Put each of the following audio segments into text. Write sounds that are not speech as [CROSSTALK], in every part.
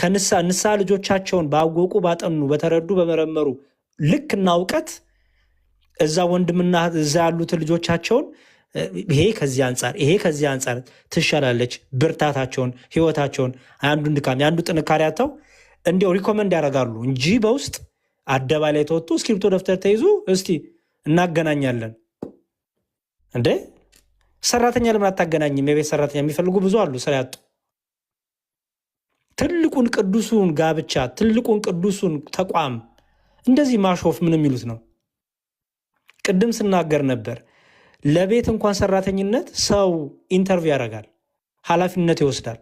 ከንሳ ንሳ ልጆቻቸውን ባወቁ፣ ባጠኑ፣ በተረዱ፣ በመረመሩ ልክና እውቀት እዛ ወንድምና እዛ ያሉትን ልጆቻቸውን ይሄ ከዚህ አንጻር ይሄ ከዚህ አንጻር ትሻላለች፣ ብርታታቸውን፣ ህይወታቸውን አንዱ ድካም የአንዱ ጥንካሬ አተው እንዲው ሪኮመንድ ያደርጋሉ እንጂ በውስጥ አደባባይ ላይ ተወጡ እስክሪብቶ ደብተር ተይዞ እስቲ እናገናኛለን እንዴ ሰራተኛ ለምን አታገናኝም? የቤት ሰራተኛ የሚፈልጉ ብዙ አሉ ስራ ያጡ ትልቁን ቅዱሱን ጋብቻ ትልቁን ቅዱሱን ተቋም እንደዚህ ማሾፍ ምን የሚሉት ነው? ቅድም ስናገር ነበር። ለቤት እንኳን ሰራተኝነት ሰው ኢንተርቪው ያደርጋል፣ ኃላፊነት ይወስዳል።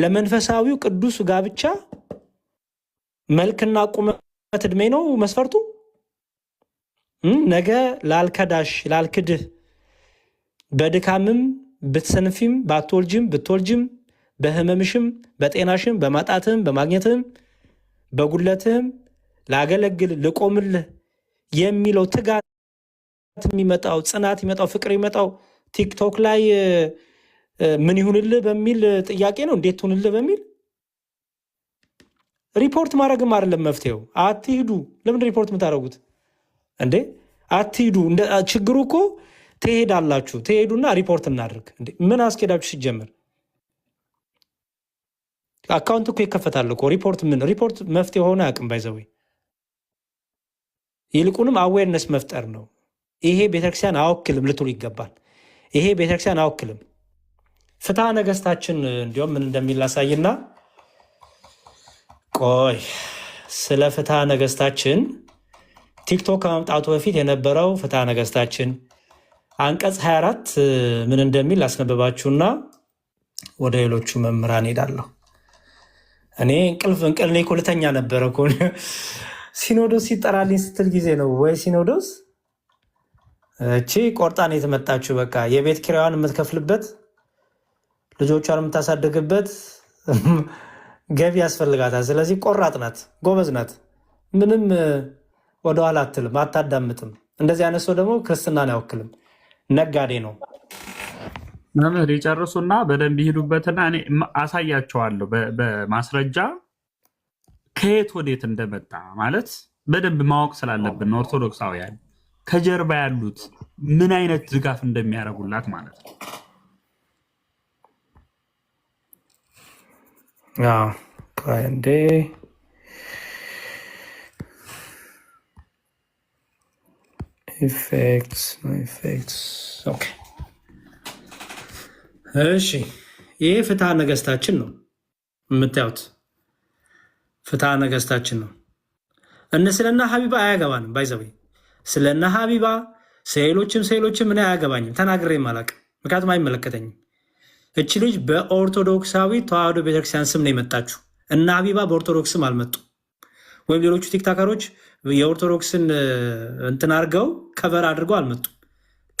ለመንፈሳዊው ቅዱስ ጋብቻ መልክና ቁመት እድሜ ነው መስፈርቱ። ነገ ላልከዳሽ ላልክድህ፣ በድካምም ብትሰንፊም፣ ባትወልጅም ብትወልጅም በህመምሽም በጤናሽም በማጣትም በማግኘትም በጉለትም ላገለግል ልቆምልህ የሚለው ትጋት የሚመጣው ጽናት የሚመጣው ፍቅር የሚመጣው ቲክቶክ ላይ ምን ይሁንልህ በሚል ጥያቄ ነው። እንዴት ትሁንልህ በሚል ሪፖርት ማድረግም አይደለም መፍትሄው። አትሂዱ። ለምን ሪፖርት የምታደርጉት እንዴ? አትሂዱ። ችግሩ እኮ ትሄዳላችሁ። ትሄዱና ሪፖርት እናድርግ። ምን አስኬዳችሁ ሲጀምር አካውንት እኮ ይከፈታል እኮ ሪፖርት ምን ሪፖርት መፍትሄ ሆነ አቅም ባይዘዌ ይልቁንም አዌርነስ መፍጠር ነው። ይሄ ቤተክርስቲያን አወክልም ልትሉ ይገባል። ይሄ ቤተክርስቲያን አወክልም። ፍትሐ ነገስታችን እንዲሁም ምን እንደሚል ቆይ ስለ ፍትሐ ነገስታችን ቲክቶክ ከመምጣቱ በፊት የነበረው ፍትሐ ነገስታችን አንቀጽ 24 ምን እንደሚል አስነበባችሁና ወደ ሌሎቹ መምህራን ሄዳለሁ። እኔ እንቅልፍ እንቅል እኔ ሁለተኛ ነበረ እኮ ሲኖዶስ ሲጠራልኝ ስትል ጊዜ ነው ወይ ሲኖዶስ እቺ ቆርጣን የተመጣችው በቃ የቤት ኪራዋን የምትከፍልበት ልጆቿን የምታሳድግበት [LAUGHS] ገቢ ያስፈልጋታል። ስለዚህ ቆራጥ ናት፣ ጎበዝ ናት፣ ምንም ወደኋላ አትልም፣ አታዳምጥም። እንደዚህ አይነት ሰው ደግሞ ክርስትናን አይወክልም፣ ነጋዴ ነው። መምህር ይጨርሱና በደንብ ይሄዱበትና እኔ አሳያቸዋለሁ በማስረጃ ከየት ወዴት እንደመጣ ማለት በደንብ ማወቅ ስላለብን ኦርቶዶክሳውያን ከጀርባ ያሉት ምን አይነት ድጋፍ እንደሚያደርጉላት ማለት ነው። እንዴ ኢፌክትስ ኢፌክትስ ኦኬ እሺ ይሄ ፍትሐ ነገስታችን ነው የምታዩት፣ ፍትሐ ነገስታችን ነው። እነ ስለና ሀቢባ አያገባንም። ባይዘዊ ስለና ሀቢባ ስዕሎችም ስዕሎችም እኔ አያገባኝም፣ ተናግሬም አላውቅም፣ ምክንያቱም አይመለከተኝም። እቺ ልጅ በኦርቶዶክሳዊ ተዋህዶ ቤተክርስቲያን ስም ነው የመጣችሁ። እነ ሀቢባ በኦርቶዶክስ ስም ወይም ሌሎቹ ቲክታከሮች የኦርቶዶክስን እንትን አድርገው ከቨር አድርገው አልመጡ።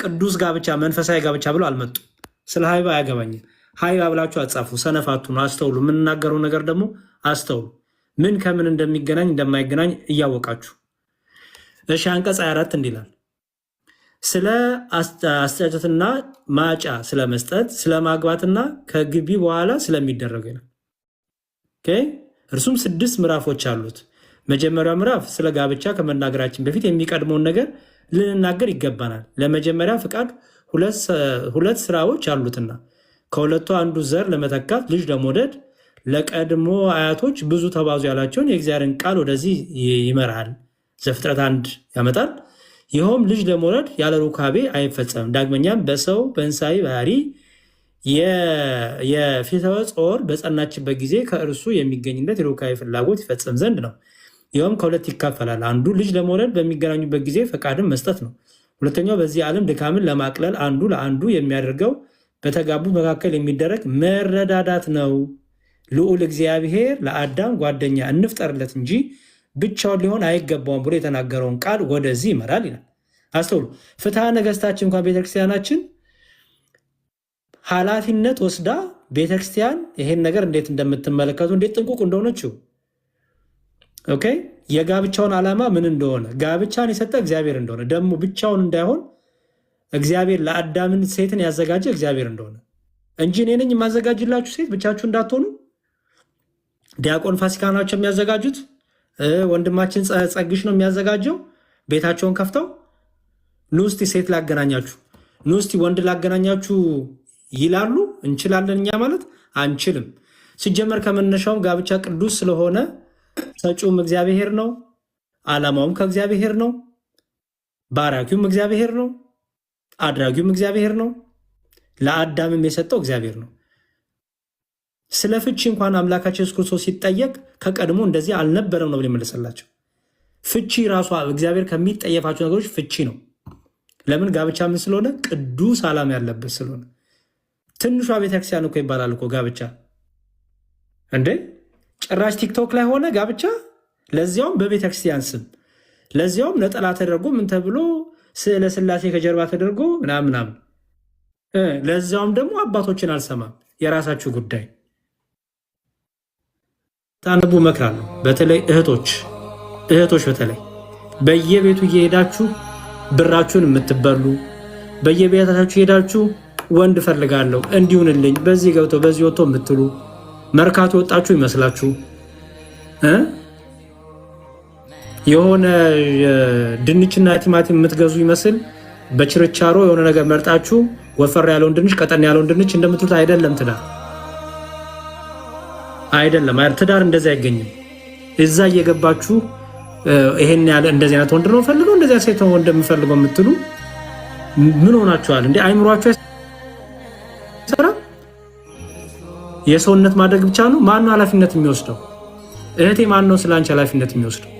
ቅዱስ ጋብቻ፣ መንፈሳዊ ጋብቻ ብለው አልመጡም። ስለ ሀይብ አያገባኝም። ሀይብ ብላችሁ አጻፉ፣ ሰነፋቱን አስተውሉ። የምንናገረው ነገር ደግሞ አስተውሉ፣ ምን ከምን እንደሚገናኝ እንደማይገናኝ እያወቃችሁ እሺ። አንቀጽ 24 እንዲላል ስለ አስጫጨትና ማጫ ስለ መስጠት፣ ስለ ማግባትና ከግቢ በኋላ ስለሚደረገው ነው። እርሱም ስድስት ምዕራፎች አሉት። መጀመሪያው ምዕራፍ ስለ ጋብቻ ከመናገራችን በፊት የሚቀድመውን ነገር ልንናገር ይገባናል። ለመጀመሪያ ፍቃድ ሁለት ስራዎች አሉትና ከሁለቱ አንዱ ዘር ለመተካት ልጅ ለመውደድ ለቀድሞ አያቶች ብዙ ተባዙ ያላቸውን የእግዚአብሔርን ቃል ወደዚህ ይመራል። ዘፍጥረት አንድ ያመጣል። ይኸውም ልጅ ለመውለድ ያለ ሩካቤ አይፈጸምም። ዳግመኛም በሰው በእንስሳዊ ባህሪ የፊተወ ጾር በጸናችበት ጊዜ ከእርሱ የሚገኝለት የሩካቤ ፍላጎት ይፈጸም ዘንድ ነው። ይኸውም ከሁለት ይካፈላል። አንዱ ልጅ ለመውለድ በሚገናኙበት ጊዜ ፈቃድን መስጠት ነው። ሁለተኛው በዚህ ዓለም ድካምን ለማቅለል አንዱ ለአንዱ የሚያደርገው በተጋቡ መካከል የሚደረግ መረዳዳት ነው። ልዑል እግዚአብሔር ለአዳም ጓደኛ እንፍጠርለት እንጂ ብቻውን ሊሆን አይገባውም ብሎ የተናገረውን ቃል ወደዚህ ይመራል ይላል። አስተውሉ። ፍትሐ ነገሥታችን እንኳን ቤተክርስቲያናችን ኃላፊነት ወስዳ ቤተክርስቲያን ይሄን ነገር እንዴት እንደምትመለከቱ እንዴት ጥንቁቅ እንደሆነችው ኦኬ የጋብቻውን ዓላማ ምን እንደሆነ ጋብቻን የሰጠ እግዚአብሔር እንደሆነ ደግሞ ብቻውን እንዳይሆን እግዚአብሔር ለአዳምን ሴትን ያዘጋጀ እግዚአብሔር እንደሆነ እንጂ እኔ ነኝ የማዘጋጅላችሁ ሴት ብቻችሁ እንዳትሆኑ ዲያቆን ፋሲካ ናቸው የሚያዘጋጁት። ወንድማችን ጸግሽ ነው የሚያዘጋጀው። ቤታቸውን ከፍተው ንስቲ ሴት ላገናኛችሁ፣ ንስቲ ወንድ ላገናኛችሁ ይላሉ። እንችላለን እኛ ማለት አንችልም። ሲጀመር ከመነሻውም ጋብቻ ቅዱስ ስለሆነ ሰጪውም እግዚአብሔር ነው። ዓላማውም ከእግዚአብሔር ነው። ባራኪውም እግዚአብሔር ነው። አድራጊውም እግዚአብሔር ነው። ለአዳምም የሰጠው እግዚአብሔር ነው። ስለ ፍቺ እንኳን አምላካችን ኢየሱስ ክርስቶስ ሲጠየቅ ከቀድሞ እንደዚህ አልነበረም ነው ብሎ የመለሰላቸው። ፍቺ ራሷ እግዚአብሔር ከሚጠየፋቸው ነገሮች ፍቺ ነው። ለምን? ጋብቻ ምን ስለሆነ? ቅዱስ ዓላማ ያለበት ስለሆነ። ትንሿ ቤተክርስቲያን እኮ ይባላል እኮ ጋብቻ እንዴ! ጭራሽ ቲክቶክ ላይ ሆነ ጋብቻ፣ ለዚያውም በቤተክርስቲያን ስም፣ ለዚያውም ነጠላ ተደርጎ ምን ተብሎ ስዕለ ስላሴ ከጀርባ ተደርጎ ምናምን ምናምን፣ ለዚያውም ደግሞ አባቶችን አልሰማም። የራሳችሁ ጉዳይ ታነቡ እመክራለሁ። በተለይ እህቶች እህቶች በተለይ በየቤቱ እየሄዳችሁ ብራችሁን የምትበሉ በየቤታችሁ እየሄዳችሁ ወንድ ፈልጋለሁ እንዲሁንልኝ በዚህ ገብቶ በዚህ ወጥቶ የምትሉ መርካቶ ወጣችሁ ይመስላችሁ የሆነ ድንችና ቲማቲም የምትገዙ ይመስል በችርቻሮ የሆነ ነገር መርጣችሁ ወፈር ያለውን ድንች ቀጠን ያለውን ድንች እንደምትሉት አይደለም። ትዳር አይደለም። ትዳር እንደዚህ አይገኝም። እዛ እየገባችሁ ይሄን ያለ እንደዚህ አይነት ወንድ ነው ፈልገው እንደዚህ ሴት ወንድ የምፈልገው የምትሉ ምን ሆናችኋል? እንደ አይምሯችሁ የሰውነት ማድረግ ብቻ ነው። ነው ኃላፊነት የሚወስደው? እህቴ ነው ስለ አንቺ ኃላፊነት የሚወስደው?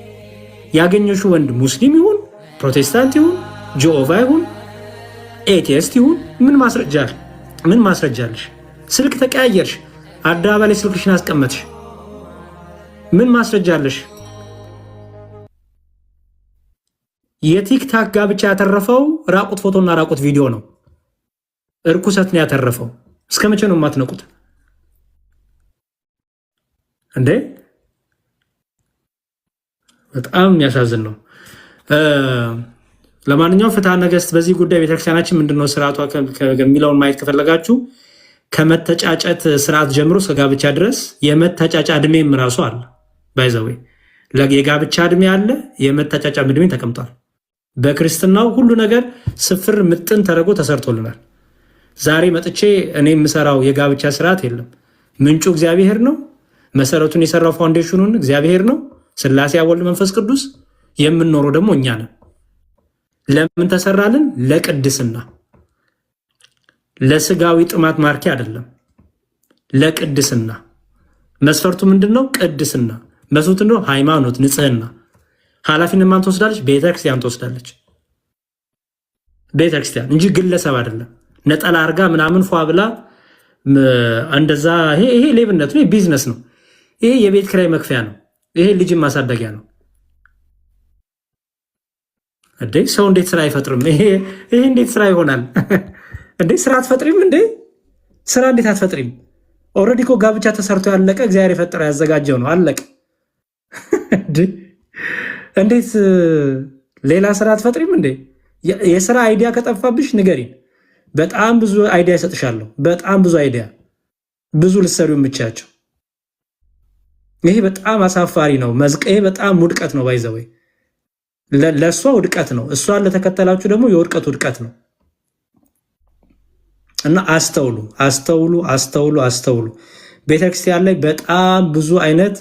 ያገኘሹ ወንድ ሙስሊም ይሁን ፕሮቴስታንት ይሁን ጆኦቫ ይሁን ኤቲስት ይሁን ምን ማስረጃ ምን ማስረጃለሽ? ስልክ ተቀያየርሽ፣ አደባባይ ላይ ስልክሽን አስቀመጥሽ፣ ምን ማስረጃለሽ? የቲክታክ ጋብቻ ያተረፈው ራቁት ፎቶና ራቁት ቪዲዮ ነው። እርኩሰት ነው ያተረፈው። እስከ መቼ ነው የማትነቁት? እንዴ በጣም የሚያሳዝን ነው። ለማንኛውም ፍትሐ ነገሥት በዚህ ጉዳይ ቤተክርስቲያናችን ምንድነው ስርዓቷ የሚለውን ማየት ከፈለጋችሁ ከመተጫጨት ስርዓት ጀምሮ እስከ ጋብቻ ድረስ የመተጫጫ እድሜም ራሱ አለ። ባይዘዌ የጋብቻ እድሜ አለ፣ የመተጫጫ እድሜ ተቀምጧል። በክርስትናው ሁሉ ነገር ስፍር ምጥን ተደርጎ ተሰርቶልናል። ዛሬ መጥቼ እኔ የምሰራው የጋብቻ ስርዓት የለም። ምንጩ እግዚአብሔር ነው። መሰረቱን የሰራው ፋውንዴሽኑን እግዚአብሔር ነው፣ ስላሴ አብ ወልድ መንፈስ ቅዱስ። የምንኖረው ደግሞ እኛ ነን። ለምን ተሰራልን? ለቅድስና፣ ለስጋዊ ጥማት ማርኪ አይደለም፣ ለቅድስና። መስፈርቱ ምንድን ነው? ቅድስና። መስፈርቱ ነው ሃይማኖት፣ ንጽህና። ኃላፊነት ማን ትወስዳለች? ቤተክርስቲያን ትወስዳለች። ቤተክርስቲያን እንጂ ግለሰብ አይደለም። ነጠላ አርጋ ምናምን ፏ ብላ እንደዛ፣ ይሄ ሌብነት ነው፣ ቢዝነስ ነው። ይሄ የቤት ክራይ መክፈያ ነው። ይሄ ልጅን ማሳደጊያ ነው። እንዴ ሰው እንዴት ስራ አይፈጥርም? ይሄ እንዴት ስራ ይሆናል [LAUGHS] እንዴ? ስራ አትፈጥሪም እንዴ? ስራ እንዴት አትፈጥሪም? ኦልሬዲ እኮ ጋብቻ ተሰርቶ ያለቀ እግዚአብሔር የፈጠረ ያዘጋጀው ነው። አለቀ። [LAUGHS] እንዴት ሌላ ስራ አትፈጥሪም እንዴ? የስራ አይዲያ ከጠፋብሽ ንገሪን። በጣም ብዙ አይዲያ ይሰጥሻለሁ። በጣም ብዙ አይዲያ ብዙ ልሰሩ የምቻቸው ይሄ በጣም አሳፋሪ ነው። መዝቀዬ በጣም ውድቀት ነው። ባይዘወይ ለእሷ ውድቀት ነው፣ እሷን ለተከተላችሁ ደግሞ የውድቀት ውድቀት ነው። እና አስተውሉ፣ አስተውሉ፣ አስተውሉ፣ አስተውሉ። ቤተክርስቲያን ላይ በጣም ብዙ አይነት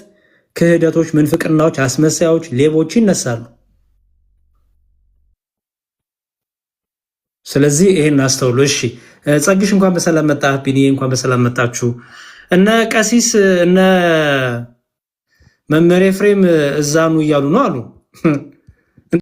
ክህደቶች፣ ምንፍቅናዎች፣ አስመሳያዎች ሌቦች ይነሳሉ። ስለዚህ ይሄን አስተውሉ። እሺ ጸግሽ፣ እንኳን በሰላም መጣ ቢኒ እንኳን በሰላም መጣችሁ። እነ ቀሲስ እነ መመሬ ፍሬም እዛኑ እያሉ ነው አሉ።